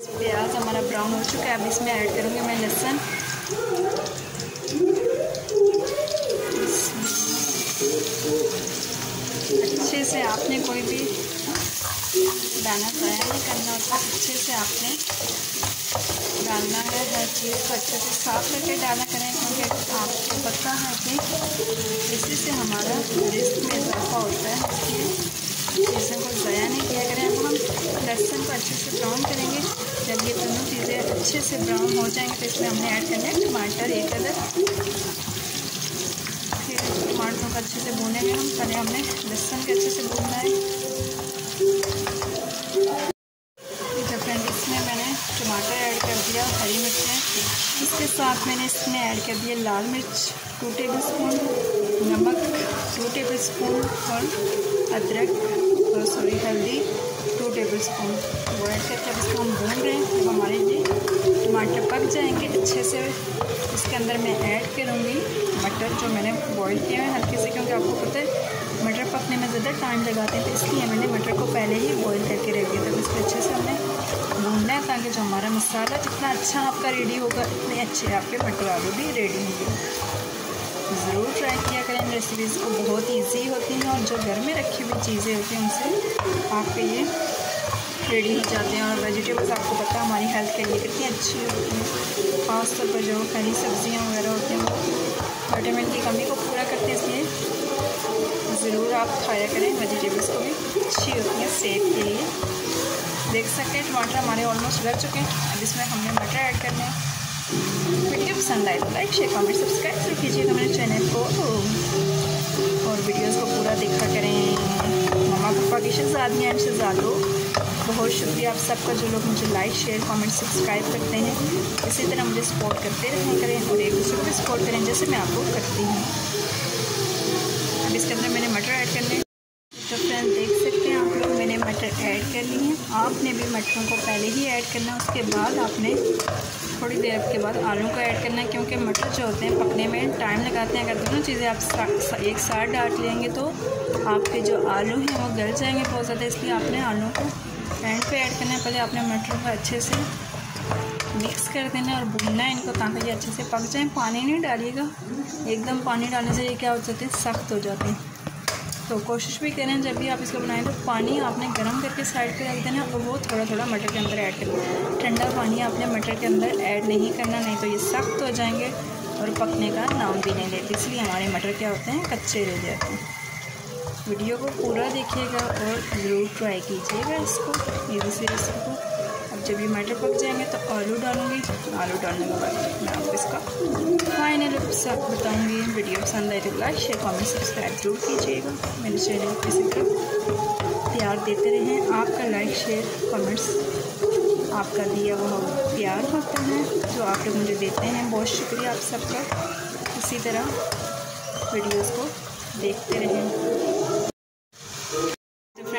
प्याज हमारा ब्राउन हो चुका है अब इसमें ऐड करूँगी मैं लहसुन अच्छे से आपने कोई भी दाना फ्राई नहीं करना होता अच्छे से आपने डालना है हर चीज़ को अच्छे से साफ करके डाला करें क्योंकि आपको पता है कि इसी से हमारा रिस्क में इजाफा होता है इसलिए लहसुन को ज़ाया नहीं किया करें अब हम लहसुन को अच्छे से ब्राउन करेंगे जब ये दोनों चीज़ें अच्छे से ब्राउन हो जाएंगे तो इसमें हमने ऐड करना है टमाटर एक अदर फिर टमाटरों को अच्छे से भूने में हम पहले हमने लहसुन के अच्छे से भूनना है जब फ्रेंड इसमें मैंने टमाटर ऐड कर दिया हरी मिर्चें इसके साथ मैंने इसमें ऐड कर दिया लाल मिर्च टू टेबल स्पून नमक टू टेबल स्पून और अदरक और सॉरी हल्दी टू टेबल स्पून वो ऐड करके अब इसको हम भून रहे हैं जब हमारे ये टमाटर पक जाएंगे अच्छे से इसके अंदर मैं ऐड करूँगी मटर जो मैंने बॉईल किया है हल्के से क्योंकि आपको पता है मटर पकने में ज़्यादा टाइम लगाते हैं तो इसलिए मैंने मटर को पहले ही बनाएंगे जो हमारा मसाला जितना अच्छा आपका रेडी होगा इतने अच्छे आपके मटर आलू भी रेडी होंगे ज़रूर ट्राई किया करें रेसिपीज़ को बहुत ईजी होती हैं और जो घर में रखी हुई चीज़ें होती हैं उनसे आपके ये रेडी हो जाते हैं और वेजिटेबल्स आपको पता है हमारी हेल्थ के लिए कितनी अच्छी होती हैं खासतौर पर जो हरी सब्जियाँ वगैरह होती हैं वो विटामिन की कमी को पूरा करते हैं इसलिए ज़रूर आप खाया करें वेजिटेबल्स को भी अच्छी होती हैं सेफ देख सकते हैं टमाटर हमारे ऑलमोस्ट गल चुके हैं अब इसमें हमने मटर ऐड करने वीडियो पसंद आए तो लाइक शेयर कमेंट सब्सक्राइब जरूर कीजिएगा मेरे चैनल को और वीडियोस को पूरा देखा करें मम्मा पापा की शहजादियाँ एंड शहजादों बहुत शुक्रिया आप सबका जो लोग मुझे लाइक शेयर कमेंट सब्सक्राइब करते हैं इसी तरह मुझे सपोर्ट करते रहें करें और एक दूसरे को सपोर्ट करें जैसे मैं आपको करती हूँ अब इसके अंदर मैंने मटर ऐड करने सकते हैं आप लोग मैंने मटर ऐड कर ली है आपने भी मटरों को पहले ही ऐड करना उसके बाद आपने थोड़ी देर के बाद आलू को ऐड करना है क्योंकि मटर जो होते हैं पकने में टाइम लगाते हैं अगर दोनों चीज़ें आप सा, सा, एक साथ डाट लेंगे तो आपके जो आलू हैं वो गल जाएंगे बहुत ज़्यादा इसलिए आपने आलू को एंड पे ऐड करना है पहले आपने मटर को अच्छे से मिक्स कर देना और भूनना है इनको ताकि ये अच्छे से पक जाए पानी नहीं डालिएगा एकदम पानी डालने से ये क्या हो जाते हैं सख्त हो जाते हैं तो कोशिश भी करें जब भी आप इसको बनाएं तो पानी आपने गर्म करके साइड पे रख देना और वो थोड़ा थोड़ा मटर के अंदर ऐड करना ठंडा पानी आपने मटर के अंदर ऐड नहीं करना नहीं तो ये सख्त हो जाएंगे और पकने का नाम भी नहीं लेते इसलिए हमारे मटर क्या होते हैं कच्चे रह जाते हैं वीडियो को पूरा देखिएगा और ज़रूर ट्राई कीजिएगा इसको ये से रेसिपी को जब ये मटर पक जाएंगे तो आलू डालूंगी आलू डालने के बाद मैं आपको इसका फाइनल सब बताऊंगी वीडियो पसंद आए तो लाइक शेयर कमेंट सब्सक्राइब जरूर कीजिएगा मेरे चैनल को तरह प्यार देते रहें आपका लाइक शेयर कमेंट्स आपका दिया वह प्यार होता है जो आप लोग मुझे देते हैं बहुत शुक्रिया आप सबका इसी तरह वीडियोज़ को देखते रहें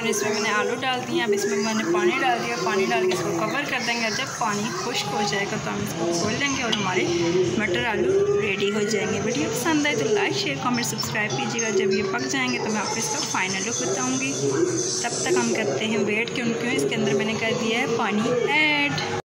मैंने इसमें मैंने आलू डाल दिए अब इसमें मैंने पानी डाल दिया पानी डाल के इसको कवर कर देंगे और जब पानी खुश्क हो जाएगा तो हम इसको खोल देंगे और हमारे मटर आलू रेडी हो जाएंगे वीडियो पसंद आए तो लाइक शेयर कमेंट सब्सक्राइब कीजिएगा जब ये पक जाएंगे तो मैं आपको इसका फाइनल लुक बताऊँगी तब तक हम करते हैं वेट क्यों क्यों इसके अंदर मैंने कर दिया है पानी एड